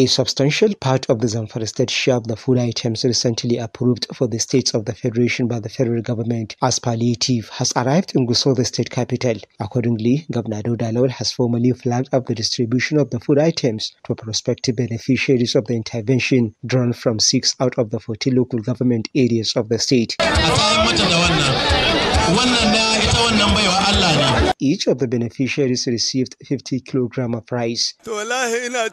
A substantial part of the Zamfara state share of the food items recently approved for the states of the federation by the federal government as palliative has arrived in Gusau, the state capital. Accordingly, Governor Dodalol has formally flagged up the distribution of the food items to prospective beneficiaries of the intervention drawn from six out of the 40 local government areas of the state. Each of the beneficiaries received 50 kilogram of rice. Governor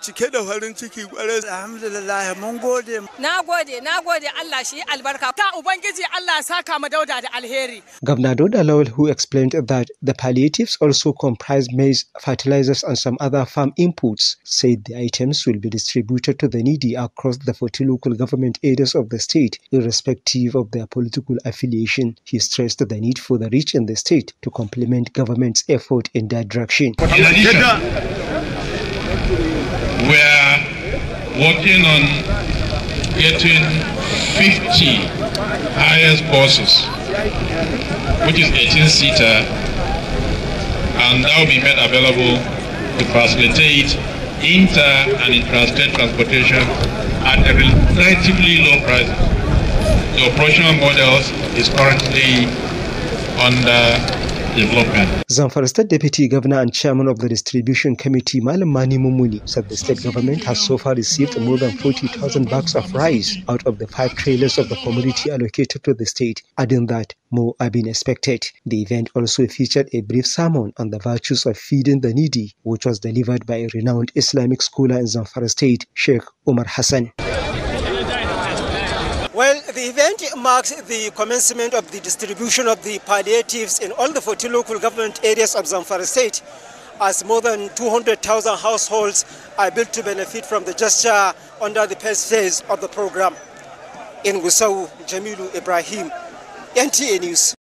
Dauda Lawal who explained that the palliatives also comprise maize, fertilizers and some other farm inputs said the items will be distributed to the needy across the 40 local government areas of the state irrespective of their political affiliation. He stressed the need for the rich in the state to complement government's effort in that direction. we are working on getting 50 highest buses, which is 18-seater, and that will be made available to facilitate inter and intrastate transportation at a relatively low price. The operational models is currently under Zamfara State Deputy Governor and Chairman of the Distribution Committee, Malam Mani Mumuni, said the state government has so far received more than 40,000 bags of rice out of the five trailers of the commodity allocated to the state, adding that more are being expected. The event also featured a brief sermon on the virtues of feeding the needy, which was delivered by a renowned Islamic scholar in Zamfara State, Sheikh Omar Hassan. Well, the event marks the commencement of the distribution of the palliatives in all the 40 local government areas of Zamfara state as more than 200,000 households are built to benefit from the gesture under the first phase of the program. In Gusau, Jamilu Ibrahim, NTA News.